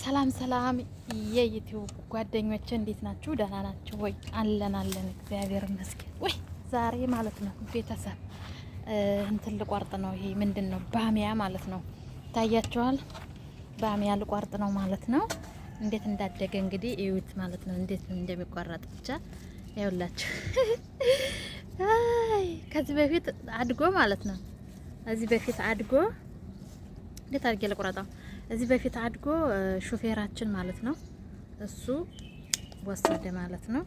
ሰላም ሰላም የዩቲዩብ ጓደኞች እንዴት ናችሁ? ደህና ናችሁ ወይ? አለን አለን፣ እግዚአብሔር ይመስገን። ወይ ዛሬ ማለት ነው ቤተሰብ እንትን ልቆርጥ ነው። ይሄ ምንድን ነው? ባሚያ ማለት ነው። ይታያችኋል። ባሚያ ልቆርጥ ነው ማለት ነው። እንዴት እንዳደገ እንግዲህ እዩት ማለት ነው። እንዴት እንደሚቆረጥ ብቻ ያውላችሁ። አይ ከዚህ በፊት አድጎ ማለት ነው። ከዚህ በፊት አድጎ እንዴት አድርጌ ልቆረጠው እዚህ በፊት አድጎ ሹፌራችን ማለት ነው እሱ ወሰደ ማለት ነው።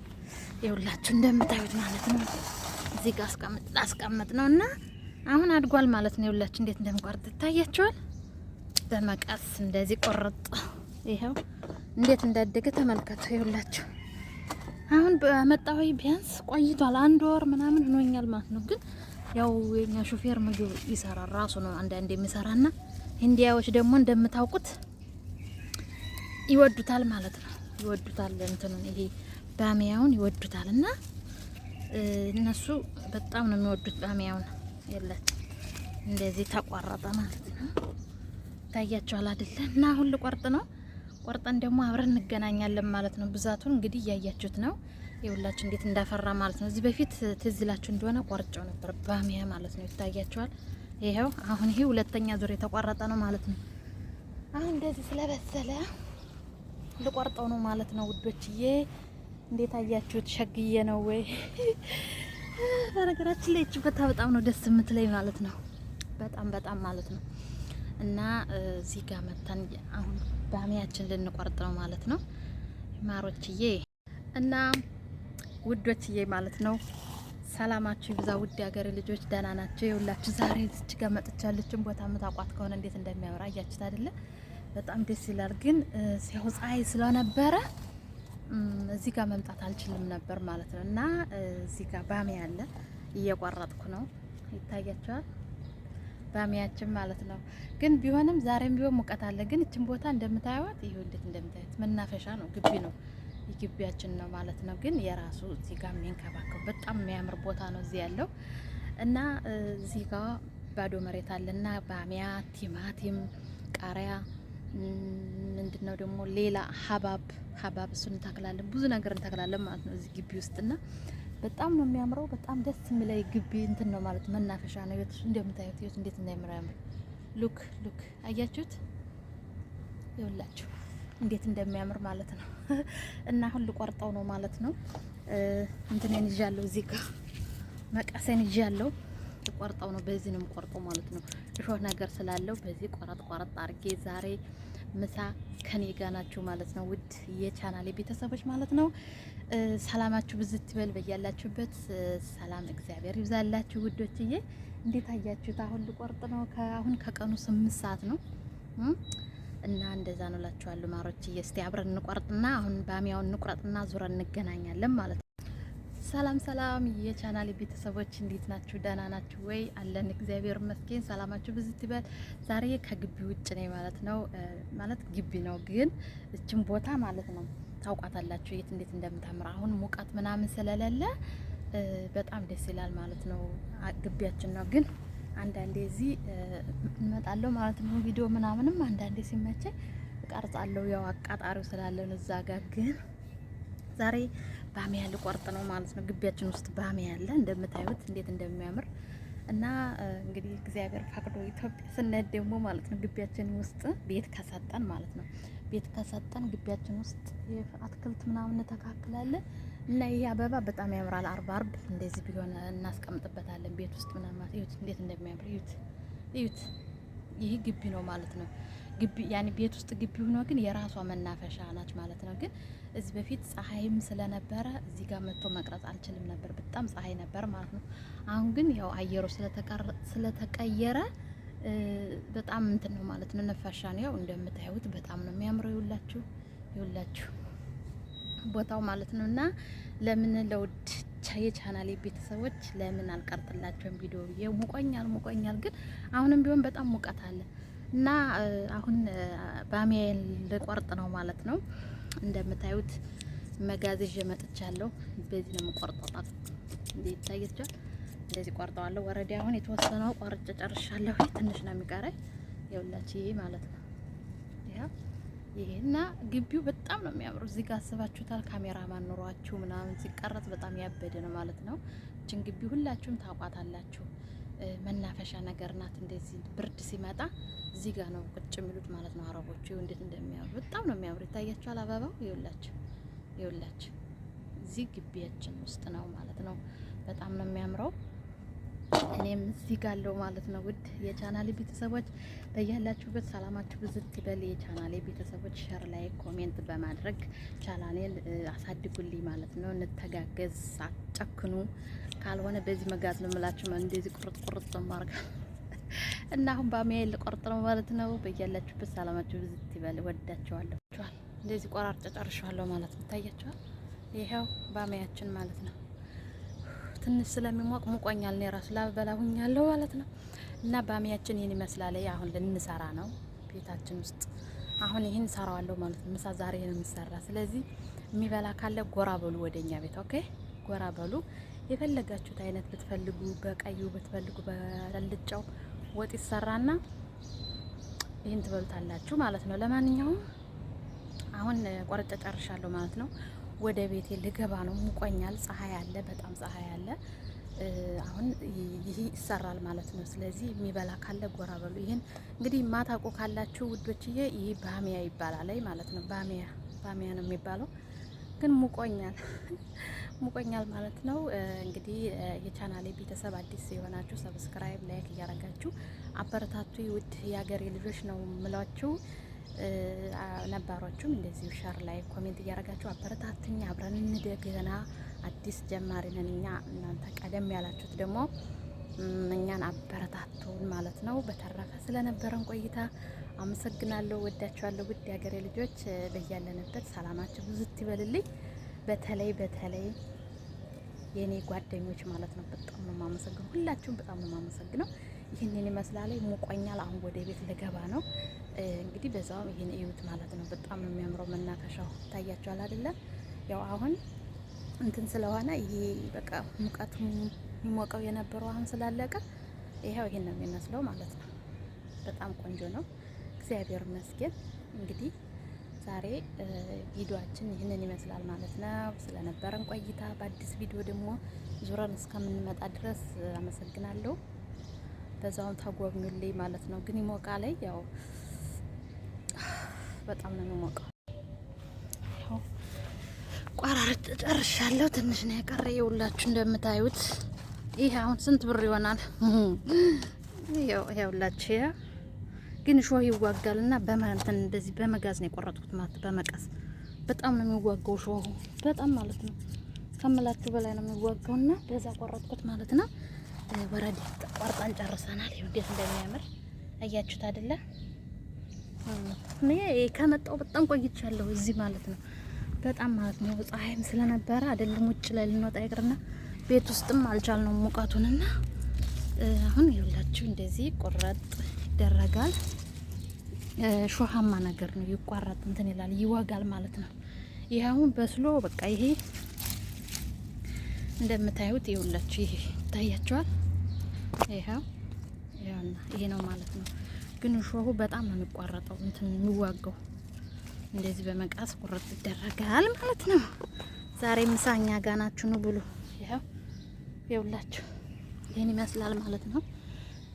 ይኸውላችሁ እንደምታዩት ማለት ነው እዚህ ጋር አስቀምጥ ነው እና አሁን አድጓል ማለት ነው። ይኸውላችሁ እንዴት እንደምቆርጥ ይታያችኋል። በመቀስ እንደዚህ ቆርጥ፣ ይኸው እንዴት እንዳደገ ተመልከቱ። ይኸውላችሁ አሁን በመጣሁ ቢያንስ ቆይቷል፣ አንድ ወር ምናምን ሆኖኛል ማለት ነው። ግን ያው የኛ ሹፌር ምግብ ይሰራል ራሱ ነው አንዳንድ የሚሰራና ሂንዲያዎች ደግሞ እንደምታውቁት ይወዱታል ማለት ነው። ይወዱታል እንትኑን ይሄ ባሚያውን ይወዱታል እና እነሱ በጣም ነው የሚወዱት ባሚያውን። የለን እንደዚህ ተቋረጠ ማለት ነው። ታያቸዋል አይደለ? እና ሁሉ ቆርጥ ነው። ቆርጠን ደግሞ አብረን እንገናኛለን ማለት ነው። ብዛቱን እንግዲህ እያያችሁት ነው። የሁላችሁ እንዴት እንዳፈራ ማለት ነው። እዚህ በፊት ትዝላችሁ እንደሆነ ቆርጨው ነበር ባሚያ ማለት ነው። ይታያቸዋል ይሄው አሁን ይሄ ሁለተኛ ዙር የተቋረጠ ነው ማለት ነው። አሁን እንደዚህ ስለበሰለ ልቆርጠው ነው ማለት ነው ውዶችዬ። እንዴት አያችሁት? ሸግዬ ነው ወይ? በነገራችን ላይ ቦታ በጣም ነው ደስ የምትለኝ ማለት ነው። በጣም በጣም ማለት ነው። እና እዚህ ጋር መተን አሁን ባሚያችን ልንቆርጥ ነው ማለት ነው ማሮችዬ እና ውዶችዬ ማለት ነው። ሰላማችሁ ይብዛ ውድ ሀገር ልጆች ደህና ናቸው የሁላችሁ። ዛሬ እዚች ጋር መጥቻለችን ቦታ የምታውቋት ከሆነ እንዴት እንደሚያምራ እያችሁት አይደለ? በጣም ደስ ይላል። ግን ሲያው ፀሐይ ስለነበረ እዚህ ጋር መምጣት አልችልም ነበር ማለት ነው። እና እዚህ ጋር ባሚያ ያለ እየቆረጥኩ ነው፣ ይታያቸዋል ባሚያችን ማለት ነው። ግን ቢሆንም ዛሬም ቢሆን ሙቀት አለ። ግን እችን ቦታ እንደምታዩት ይሄው እንዴት እንደምታዩት መናፈሻ ነው፣ ግቢ ነው ግቢያችን ነው ማለት ነው። ግን የራሱ እዚህ ጋር የሚንከባከብ በጣም የሚያምር ቦታ ነው እዚህ ያለው እና እዚህ ጋ ባዶ መሬት አለና ባሚያ፣ ቲማቲም፣ ቃሪያ ምንድን ነው ደግሞ ሌላ ሀባብ ሀባብ እሱን እንተክላለን። ብዙ ነገር እንተክላለን ማለት ነው እዚህ ግቢ ውስጥና በጣም ነው የሚያምረው። በጣም ደስ የሚለይ ግቢ እንትን ነው ማለት መናፈሻ ነው። ቤት እንደምታዩት ቤት እንዴት እንደሚያምር ሉክ ሉክ አያችሁት ይውላችሁ እንዴት እንደሚያምር ማለት ነው። እና አሁን ልቆርጠው ነው ማለት ነው። እንትኔን ይዣለሁ፣ እዚህ ጋር መቀሰን ይዣለሁ። ልቆርጠው ነው። በዚህ ነው የምቆርጠው ማለት ነው። እሾህ ነገር ስላለው በዚህ ቆረጥ ቆረጥ አድርጌ ዛሬ ምሳ ከኔ ጋ ናችሁ ማለት ነው። ውድ የቻናሌ ቤተሰቦች ማለት ነው። ሰላማችሁ ብዝት ይበል በያላችሁበት። ሰላም እግዚአብሔር ይብዛላችሁ ውዶችዬ። እንዴት አያችሁት? አሁን ልቆርጥ ነው። አሁን ከቀኑ ስምንት ሰዓት ነው። እና እንደዛ ነው ላችኋለሁ። ማሮች እስቲ አብረን እንቆርጥና አሁን ባሚያውን እንቁረጥና ዙረን እንገናኛለን ማለት ነው። ሰላም ሰላም የቻናል ቤተሰቦች እንዴት ናችሁ? ደህና ናችሁ ወይ? አለን እግዚአብሔር ይመስገን። ሰላማችሁ ብዙ ትበል። ዛሬ ከግቢ ውጭ ነኝ ማለት ነው። ማለት ግቢ ነው ግን እችን ቦታ ማለት ነው ታውቋታላችሁ፣ የት እንዴት እንደምታምር አሁን ሙቀት ምናምን ስለሌለ በጣም ደስ ይላል ማለት ነው። ግቢያችን ነው ግን አንዳንዴ እዚህ እንመጣለሁ ማለት ነው። ቪዲዮ ምናምንም አንዳንዴ ሲመቸ እቀርጻለሁ። ያው አቃጣሪው ስላለን እዛ ጋር ግን ዛሬ ባሚያ ልቆርጥ ነው ማለት ነው። ግቢያችን ውስጥ ባሚያ አለ እንደምታዩት እንዴት እንደሚያምር እና እንግዲህ እግዚአብሔር ፈቅዶ ኢትዮጵያ ስንሄድ ደግሞ ማለት ነው ግቢያችን ውስጥ ቤት ከሰጠን ማለት ነው ቤት ከሰጠን ግቢያችን ውስጥ አትክልት ምናምን እንተካክላለን። እና ይህ አበባ በጣም ያምራል። አርብ አርብ እንደዚህ ቢሆን እናስቀምጥበታለን ቤት ውስጥ ምናምን። እዩት እንዴት እንደሚያምር እዩት፣ እዩት። ይህ ግቢ ነው ማለት ነው። ግቢ ያኔ ቤት ውስጥ ግቢ ሆኖ ግን የራሷ መናፈሻ ናች ማለት ነው። ግን እዚህ በፊት ፀሐይም ስለነበረ እዚህ ጋር መጥቶ መቅረጽ አልችልም ነበር። በጣም ፀሐይ ነበር ማለት ነው። አሁን ግን ያው አየሩ ስለተቀየረ በጣም እንትን ነው ማለት ነው። ነፋሻ ነው። ያው እንደምታዩት በጣም ነው የሚያምረው። ይውላችሁ፣ ይውላችሁ ቦታው ማለት ነው። እና ለምን ለውድ የቻናሌ ቤተሰቦች ለምን አልቀርጥላቸውም ቪዲዮ ብዬ ሙቆኛል ሙቆኛል፣ ግን አሁንም ቢሆን በጣም ሙቀት አለ እና አሁን ባሚያን ልቆርጥ ነው ማለት ነው። እንደምታዩት መጋዘዥ መጥቻለሁ። በዚህ ነው የምቆርጠው። እንዴት ታየቻል? እንደዚህ ቆርጠዋለሁ። ወረዲ አሁን የተወሰነው ቆርጬ ጨርሻለሁ። ትንሽ ነው የሚቀረኝ የሁላችሁ ማለት ነው። እና ግቢው በጣም ነው የሚያምረው። እዚህ ጋር አስባችሁታል፣ ካሜራማን ኑሯችሁ ምናምን ሲቀረጽ በጣም ያበደ ነው ማለት ነው። እችን ግቢ ሁላችሁም ታውቋታላችሁ። መናፈሻ ነገር ናት። እንደዚህ ብርድ ሲመጣ እዚህ ጋር ነው ቁጭ የሚሉት ማለት ነው አረቦቹ። እንዴት እንደሚያምሩ በጣም ነው የሚያምሩ። ይታያችኋል አበባው። ይኸውላችሁ፣ ይኸውላችሁ እዚህ ግቢያችን ውስጥ ነው ማለት ነው። በጣም ነው የሚያምረው። እኔም እዚህ ጋለው ማለት ነው። ውድ የቻናሌ ቤተሰቦች በያላችሁበት ሰላማችሁ ብዝት ይበል። የቻናሌ ቤተሰቦች ሸር ላይ ኮሜንት በማድረግ ቻናሌን አሳድጉልኝ ማለት ነው። እንተጋገዝ፣ አጨክኑ። ካልሆነ በዚህ መጋዝ ነው የምላችሁ እንደዚህ ቁርጥ ቁርጥ ነው ማርጋ እና አሁን ባሚያ ልቆርጥ ነው ማለት ነው። በያላችሁበት ሰላማችሁ ብዝት ይበል። ወዳችኋለሁ። እንደዚህ ቆራርጬ ጨርሻለሁ ማለት ነው። ታያችኋል። ይኸው ባሚያችን ማለት ነው። ትንሽ ስለሚሞቅ ሙቆኛል። እኔ ራሱ ላበላሁኛለሁ ማለት ነው። እና ባሚያችን ይህን ይመስላል። አሁን ልንሰራ ነው ቤታችን ውስጥ አሁን ይህን ሰራዋለሁ ማለት ነው። ምሳ ዛሬ ነው የሚሰራ። ስለዚህ የሚበላ ካለ ጎራ በሉ ወደኛ ቤት። ኦኬ ጎራ በሉ። የፈለጋችሁት አይነት ብትፈልጉ፣ በቀዩ ብትፈልጉ፣ በልጫው ወጥ ይሰራና ይህን ትበሉታላችሁ ማለት ነው። ለማንኛውም አሁን ቆርጬ ጨርሻለሁ ማለት ነው። ወደ ቤቴ ልገባ ነው። ሙቆኛል። ፀሐይ አለ፣ በጣም ፀሐይ አለ። አሁን ይህ ይሰራል ማለት ነው። ስለዚህ የሚበላ ካለ ጎራ በሉ። ይህን እንግዲህ ማታቆ ካላችሁ ውዶችዬ፣ ይህ ባሚያ ይባላል ማለት ነው። ባሚያ ባሚያ ነው የሚባለው፣ ግን ሙቆኛል ሙቆኛል ማለት ነው። እንግዲህ የቻናሌ ቤተሰብ አዲስ የሆናችሁ ሰብስክራይብ፣ ላይክ እያረጋችሁ አበረታቱ። ውድ የሀገሬ ልጆች ነው የምላችሁ። ነባሮቹም እንደዚሁ ሸር ላይ ኮሜንት እያደረጋችሁ አበረታትኝ። አብረን እንደገና ገና አዲስ ጀማሪ ነን እኛ። እናንተ ቀደም ያላችሁት ደግሞ እኛን አበረታቱን ማለት ነው። በተረፈ ስለነበረን ቆይታ አመሰግናለሁ። ወዳችኋለሁ። ውድ ሀገሬ ልጆች በያለንበት ሰላማችሁ ብዙ ትበልልኝ። በተለይ በተለይ የእኔ ጓደኞች ማለት ነው በጣም ነው የማመሰግነው። ሁላችሁም በጣም ነው የማመሰግነው። ይህንን ይመስላል። ሙቆኛል። አሁን ወደ ቤት ልገባ ነው። እንግዲህ በዛው ይሄን እዩት ማለት ነው። በጣም ነው የሚያምረው መናፈሻው ታያችኋል አይደለ? ያው አሁን እንትን ስለሆነ ይሄ በቃ ሙቀቱ የሚሞቀው የነበረው አሁን ስላለቀ ይሄው ይሄን ነው የሚመስለው ማለት ነው። በጣም ቆንጆ ነው። እግዚአብሔር ይመስገን። እንግዲህ ዛሬ ቪዲዮአችን ይህንን ይመስላል ማለት ነው። ስለነበረን ቆይታ በአዲስ ቪዲዮ ደግሞ ዙረን እስከምንመጣ ድረስ አመሰግናለሁ። በዛውም ተጎብኙልኝ ማለት ነው። ግን ይሞቃ ላይ ያው በጣም ነው የሚሞቀው። ቋራርጥ ጨርሻለሁ። ትንሽ ነው የቀረ። የሁላችሁ እንደምታዩት ይህ አሁን ስንት ብር ይሆናል? ይኸውላችሁ ግን እሾህ ይዋጋል እና በመንትን እንደዚህ በመጋዝ ነው የቆረጥኩት ማለት በመቀስ በጣም ነው የሚዋጋው እሾሁ በጣም ማለት ነው ከምላችሁ በላይ ነው የሚዋጋው እና በዛ ቆረጥኩት ማለት ነው። ወረዴ ቆርጣን ጨርሰናል። ይኸው እንዴት እንደሚያምር አያችሁት አይደለ? እኔ ከመጣው በጣም ቆይቻለሁ እዚህ ማለት ነው። በጣም ማለት ነው። ፀሐይም ስለነበረ አይደለም ውጭ ላይ ልንወጣ ይቅርና ቤት ውስጥም አልቻል ነው ሙቀቱንና አሁን ይኸውላችሁ እንደዚህ ቆረጥ ይደረጋል። ሾሃማ ነገር ነው። ይቋረጥ እንትን ይላል ይወጋል ማለት ነው። ይሄ አሁን በስሎ በቃ ይሄ እንደምታዩት ይኸውላችሁ ይሄ ይታያቸዋል። ይሄው ይሄ ነው ማለት ነው። ግን እሾሁ በጣም ነው የሚቋረጠው እንትን የሚዋጋው እንደዚህ በመቃስ ቁርጥ ይደረጋል ማለት ነው። ዛሬ ምሳኛ ጋር ናችሁ ነው ብሉ። ይኸው ይውላችሁ ይህን ይመስላል ማለት ነው።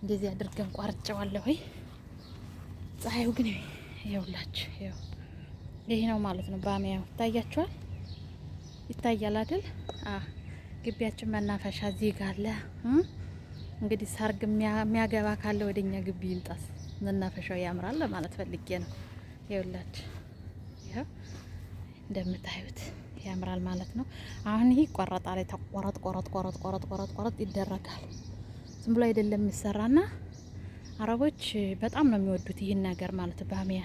እንደዚህ አድርገን ቋርጨዋለሁ። ወይ ፀሐዩ ግን ይውላችሁ ይህ ነው ማለት ነው። ባሚያው ይታያችኋል፣ ይታያል አይደል? ግቢያችን መናፈሻ እዚህ ጋር አለ። እንግዲህ ሰርግ የሚያገባ ካለ ወደኛ ግቢ ይምጣስ። መናፈሻው ያምራል ለማለት ፈልጌ ነው። ይኸውላችሁ ይኸው እንደምታዩት ያምራል ማለት ነው። አሁን ይህ ቆረጣ ላይ ተቆረጥ ቆረጥ ቆረጥ ቆረጥ ቆረጥ ቆረጥ ይደረጋል። ዝም ብሎ አይደለም የሚሰራና አረቦች በጣም ነው የሚወዱት ይህን ነገር ማለት ባሚያ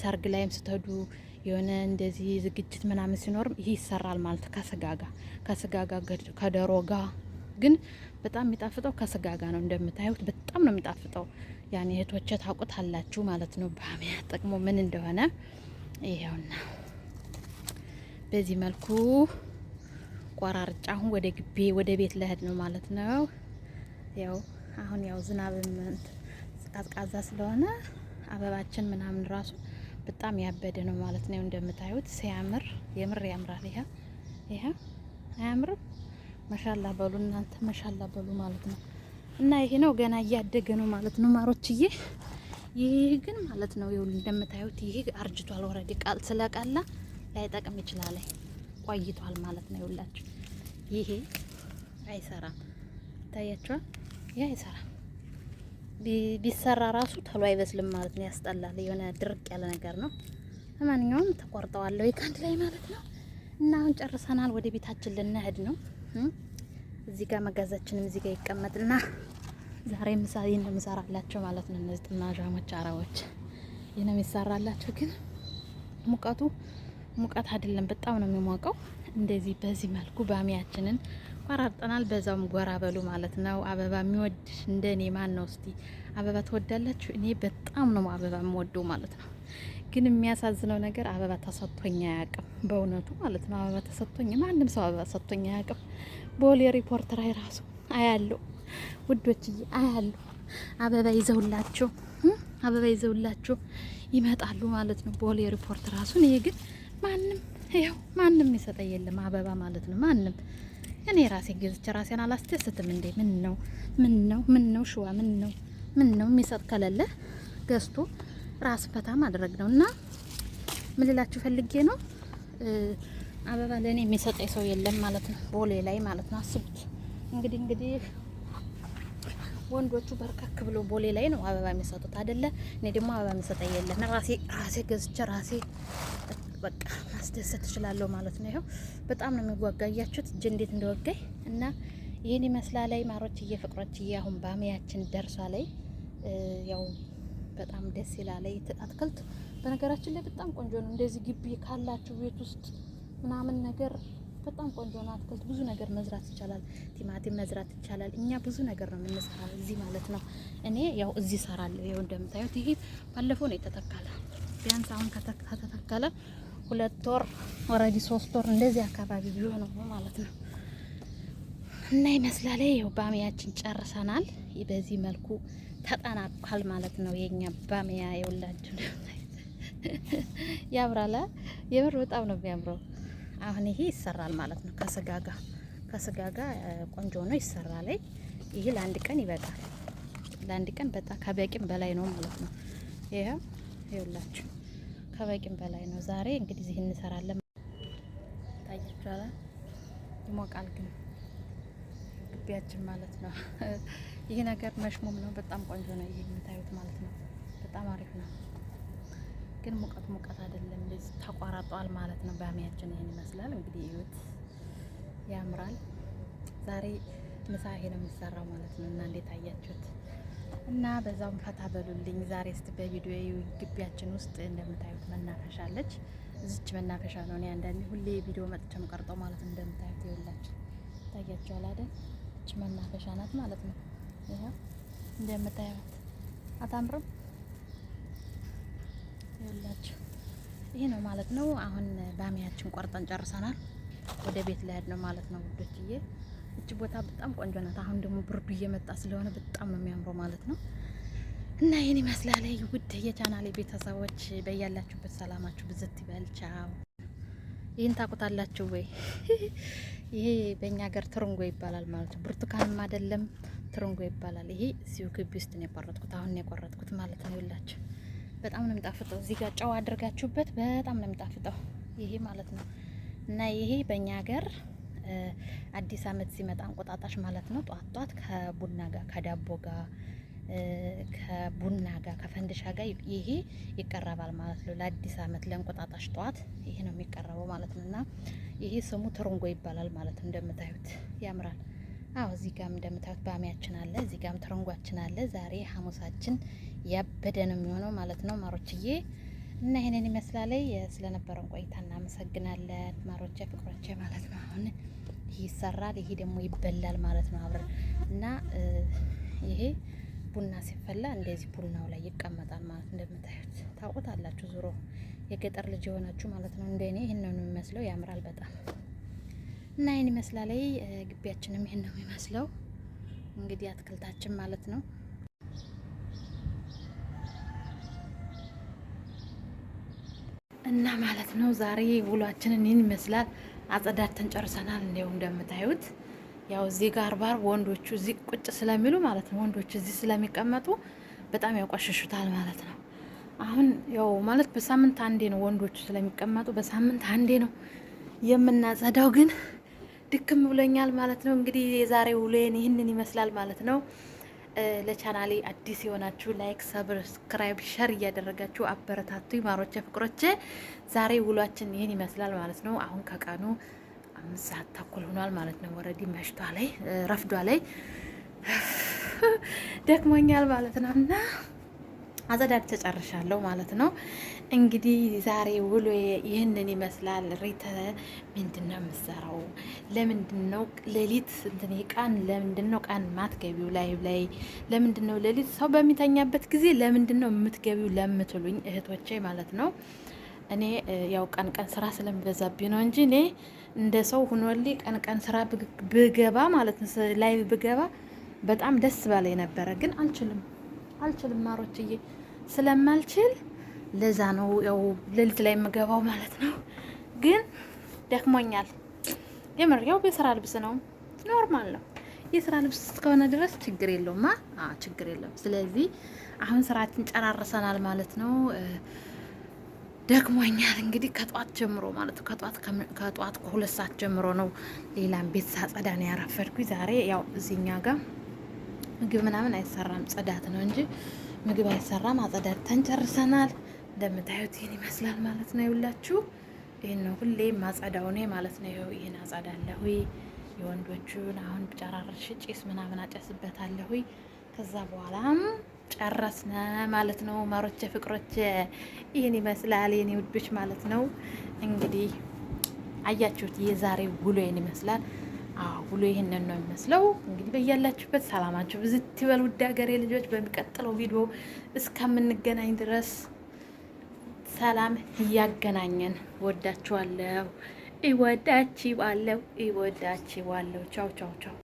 ሰርግ ላይም ስትሄዱ የሆነ እንደዚህ ዝግጅት ምናምን ሲኖርም ይህ ይሰራል ማለት ከስጋ ጋ ከስጋ ጋ ከደሮ ጋር ግን በጣም የሚጣፍጠው ከስጋ ጋር ነው። እንደምታዩት በጣም ነው የሚጣፍጠው። ያኔ እህቶቼ ታውቁት አላችሁ ማለት ነው። ባሚያ ጥቅሙ ምን እንደሆነ ይሄውና፣ በዚህ መልኩ ቆራርጫ አሁን ወደ ግቤ ወደ ቤት ለህድ ነው ማለት ነው። ያው አሁን ያው ዝናብም ቀዝቃዛ ስለሆነ አበባችን ምናምን ራሱ በጣም ያበደ ነው ማለት ነው። እንደምታዩት ሲያምር የምር ያምራል። ይሄ ይሄ አያምርም? መሻላ በሉ እናንተ መሻላ በሉ ማለት ነው። እና ይሄ ነው ገና እያደገ ነው ማለት ነው ማሮችዬ። ይህ ግን ማለት ነው ይኸውልህ እንደምታዩት ይሄ አርጅቷል። ወረዴ ቃል ስለቃላ ላይጠቅም ይችላል ቆይቷል ማለት ነው። ይኸውላችሁ ይሄ አይሰራም፣ ይታያችኋል። ይሄ አይሰራም። ቢሰራ ራሱ ተሎ አይበስልም ማለት ነው። ያስጠላል። የሆነ ድርቅ ያለ ነገር ነው። ለማንኛውም ተቆርጠዋለሁ ከአንድ ላይ ማለት ነው። እና አሁን ጨርሰናል። ወደ ቤታችን ልንሄድ ነው። እዚህ ጋር መጋዛችንም እዚህ ጋር ይቀመጥና ዛሬ ምሳ ይህን ማለት ነው። እነዚህ ጥማዣሞች አራዎች ይህን የሚሰራላቸው ግን ሙቀቱ ሙቀት አይደለም፣ በጣም ነው የሚሞቀው። እንደዚህ በዚህ መልኩ ባሚያችንን ቆራርጠናል። በዛውም ጎራ በሉ ማለት ነው። አበባ የሚወድ እንደ እኔ ማን ነው? እስቲ አበባ ትወዳላችሁ? እኔ በጣም ነው አበባ የምወደው ማለት ነው። ግን የሚያሳዝነው ነገር አበባ ተሰጥቶኝ አያውቅም። በእውነቱ ማለት ነው አበባ ተሰጥቶኝ ማንም ሰው አበባ ተሰጥቶኝ አያውቅም። ቦሌ ሪፖርተር ራሱ አያለው ውዶችዬ፣ አያለው አበባ ይዘውላቸው አበባ ይዘውላቸው ይመጣሉ ማለት ነው ቦሌ ሪፖርተር ራሱ። እኔ ግን ማንም ያው ማንም ይሰጠ የለም አበባ ማለት ነው ማንም እኔ ራሴ ገዝቼ ራሴን አላስደስትም እንዴ? ምን ነው ምን ነው ምን ነው ሽዋ ምን ነው ምን ነው የሚሰጥ ከሌለ ገዝቶ ራስ ፈታ ማድረግ ነው እና ምን ፈልጌ ነው አበባ ለእኔ የሚሰጠኝ ሰው የለም ማለት ነው፣ ቦሌ ላይ ማለት ነው። አስቡት እንግዲህ እንግዲህ ወንዶቹ በርካክ ብሎ ቦሌ ላይ ነው አበባ የሚሰጡት አይደለ? እኔ ደግሞ አበባ የሚሰጠኝ የለም። ራሴ ራሴ ገዝቼ ራሴ በቃ ማስደሰት እችላለሁ ማለት ነው። ይኸው በጣም ነው የሚጓጓያችሁት እጅ እንዴት እንደወጋኝ እና ይህን ይመስላ ላይ ማሮችዬ፣ ፍቅሮችዬ አሁን ባሚያችን ደርሷ ላይ ያው በጣም ደስ ይላል። አትክልት በነገራችን ላይ በጣም ቆንጆ ነው። እንደዚህ ግቢ ካላችሁ ቤት ውስጥ ምናምን ነገር በጣም ቆንጆ ነው። አትክልት ብዙ ነገር መዝራት ይቻላል። ቲማቲም መዝራት ይቻላል። እኛ ብዙ ነገር ነው የምንሰራው እዚህ ማለት ነው። እኔ ያው እዚህ እሰራለሁ። ይኸው እንደምታዩት ይሄ ባለፈው ነው የተተከለ። ቢያንስ አሁን ከተተከለ ሁለት ወር ወረዲ ሶስት ወር እንደዚህ አካባቢ ቢሆን ነው ማለት ነው። እና ይመስላል ይኸው ባሚያችን ጨርሰናል። በዚህ መልኩ ተጠናቋል ማለት ነው። የኛ ባሚያ የወላችሁ ያምራላ። የምር በጣም ነው የሚያምረው። አሁን ይሄ ይሰራል ማለት ነው። ከስጋ ጋር ከስጋ ጋር ቆንጆ ነው ይሰራል። ይሄ ለአንድ ቀን ይበቃል። ለአንድ ቀን በጣም ከበቂም በላይ ነው ማለት ነው። ይሄ ይኸውላችሁ ከበቂም በላይ ነው። ዛሬ እንግዲህ እዚህ እንሰራለን። ታያችኋል። ይሞቃል ግን ግቢያችን ማለት ነው። ይህ ነገር መሽሞም ነው። በጣም ቆንጆ ነው። ይሄ የምታዩት ማለት ነው። በጣም አሪፍ ነው። ግን ሙቀት ሙቀት አይደለም። እንደዚህ ተቋራጧል ማለት ነው። ባሚያችን ይሄን ይመስላል እንግዲህ እዩት። ያምራል። ዛሬ ምሳ ይሄ ነው የሚሰራው ማለት ነው። እና እንዴት አያችሁት? እና በዛም ፈታ በሉልኝ። ዛሬ እስቲ በቪዲዮ ግቢያችን ውስጥ እንደምታዩት መናፈሻ አለች። እዚች መናፈሻ ነው እኔ አንዳንዴ ሁሌ ቪዲዮ መጥቼም ቀርጠው ማለት ነው። እንደምታዩት ይኸውላችሁ ታያችኋል አይደል? እች መናፈሻ ናት ማለት ነው። ይኸው እንደምታያት አታምርም ያላችሁ ይሄ ነው ማለት ነው። አሁን ባሚያችን ቆርጠን ጨርሰናል። ወደ ቤት ልሄድ ነው ማለት ነው ውዶችዬ። እቺ ቦታ በጣም ቆንጆ ናት። አሁን ደግሞ ብርዱ እየመጣ ስለሆነ በጣም ነው የሚያምረው ማለት ነው። እና ይህን ይመስላል ውድ የቻናሌ ቤተሰቦች፣ በያላችሁበት ሰላማችሁ ብዝት ይበል። ቻው። ይህን ታቁታላችሁ ወይ? ይሄ በእኛ ሀገር ትርንጎ ይባላል ማለት ነው። ብርቱካንም አይደለም ትርንጎ ይባላል። ይሄ እዚሁ ግቢ ውስጥ ነው የቆረጥኩት። አሁን ነው የቆረጥኩት ማለት ነው። ይላችሁ በጣም ነው የሚጣፍጠው። እዚህ ጋር ጨው አድርጋችሁበት በጣም ነው የሚጣፍጠው ይሄ ማለት ነው። እና ይሄ በእኛ ሀገር አዲስ አመት ሲመጣ እንቁጣጣሽ ማለት ነው። ጧት ጧት ከቡና ጋር ከዳቦ ጋር ከቡና ጋር ከፈንድሻ ጋር ይሄ ይቀረባል ማለት ነው። ለአዲስ አመት ለእንቁጣጣሽ ጠዋት ይሄ ነው የሚቀረበው ማለት ነው። እና ይሄ ስሙ ትርንጎ ይባላል ማለት ነው። እንደምታዩት ያምራል። አዎ እዚህ ጋም እንደምታዩት ባሚያችን አለ፣ እዚህ ጋም ትረንጓችን አለ። ዛሬ ሀሙሳችን ያበደ ነው የሚሆነው ማለት ነው ማሮችዬ። እና ይሄንን ይመስላል። ስለነበረን ቆይታ እናመሰግናለን ማሮቼ፣ ፍቅሮቼ ማለት ነው። አሁን ይህ ይሰራል፣ ይሄ ደግሞ ይበላል ማለት ነው አብረን እና ይሄ ቡና ሲፈላ እንደዚህ ቡናው ላይ ይቀመጣል ማለት እንደምታዩት፣ ታውቁታላችሁ። ዙሮ የገጠር ልጅ የሆናችሁ ማለት ነው እንደ እኔ ነው የሚመስለው ያምራል በጣም እና ይህን ይመስላል ግቢያችንም ይህን ነው የሚመስለው። እንግዲህ አትክልታችን ማለት ነው። እና ማለት ነው ዛሬ ውሏችንን ይህን ይመስላል። አጸዳድተን ጨርሰናል። እንዲው እንደምታዩት ያው እዚህ ጋር ባር ወንዶቹ እዚህ ቁጭ ስለሚሉ ማለት ነው ወንዶቹ እዚህ ስለሚቀመጡ በጣም ያቋሸሹታል ማለት ነው። አሁን ያው ማለት በሳምንት አንዴ ነው ወንዶቹ ስለሚቀመጡ በሳምንት አንዴ ነው የምናጸዳው ግን ድክም ብሎኛል ማለት ነው። እንግዲህ የዛሬ ውሎዬን ይህንን ይመስላል ማለት ነው። ለቻናሌ አዲስ የሆናችሁ ላይክ፣ ሰብስክራይብ፣ ሸር እያደረጋችሁ አበረታቱ ማሮቼ ፍቅሮቼ። ዛሬ ውሏችን ይህን ይመስላል ማለት ነው። አሁን ከቀኑ አምስት ሰዓት ተኩል ሆኗል ማለት ነው። ወረዲ መሽቷ ላይ ረፍዷ ላይ ደክሞኛል ማለት ነው እና አዘዳድ ተጨርሻለሁ ማለት ነው። እንግዲህ ዛሬ ውሎ ይህንን ይመስላል። ሪተ ምንድን ነው የምትሰራው? ለምንድን ነው ሌሊት እንትን ቃን ለምንድን ነው ቃን ማትገቢው? ላይ ላይ ለምንድን ነው ሌሊት ሰው በሚተኛበት ጊዜ ለምንድን ነው የምትገቢው ለምትሉኝ እህቶቼ ማለት ነው እኔ ያው ቀን ቀን ስራ ስለሚበዛብኝ ነው እንጂ እኔ እንደ ሰው ሁኖልኝ ቀን ቀን ስራ ብገባ ማለት ነው ላይ ብገባ በጣም ደስ ባለ የነበረ ግን አልችልም አልችልም ማሮችዬ ስለማልችል ለዛ ነው ያው ሌሊት ላይ የምገባው ማለት ነው። ግን ደክሞኛል የምር ያው የስራ ልብስ ነው፣ ኖርማል ነው። የስራ ልብስ እስከሆነ ድረስ ችግር የለውማ፣ ችግር የለም። ስለዚህ አሁን ስራችን ጨራርሰናል ማለት ነው። ደክሞኛል እንግዲህ ከጧት ጀምሮ ማለት ነው። ከጧት ከሁለት ሰዓት ጀምሮ ነው ሌላም ቤት ሳጸዳ ነው ያረፈድኩኝ ዛሬ። ያው እዚህኛ ጋር ምግብ ምናምን አይሰራም፣ ጽዳት ነው እንጂ ምግብ አይሰራም። አጸዳድተን ጨርሰናል። እንደምታዩት ይህን ይመስላል ማለት ነው። ይውላችሁ ይህን ነው ሁሌ ማጸዳው እኔ ማለት ነው። ይኸው ይህን አጸዳለሁ። የወንዶቹን አሁን ጨራርሽ ጭስ ምናምን አጨስበታለሁ። ከዛ በኋላም ጨረስነ ማለት ነው። ማሮቼ ፍቅሮቼ ይህን ይመስላል የኔ ውዶች ማለት ነው። እንግዲህ አያችሁት የዛሬ ውሎ ይህን ይመስላል። ውሎ ይህንን ነው የሚመስለው። እንግዲህ በያላችሁበት ሰላማችሁ ብዝት ይበል ውድ ሀገሬ ልጆች። በሚቀጥለው ቪዲዮ እስከምንገናኝ ድረስ ሰላም እያገናኘን ወዳችኋለሁ፣ ይወዳችኋለሁ፣ ይወዳችኋለሁ። ቻው ቻው ቻው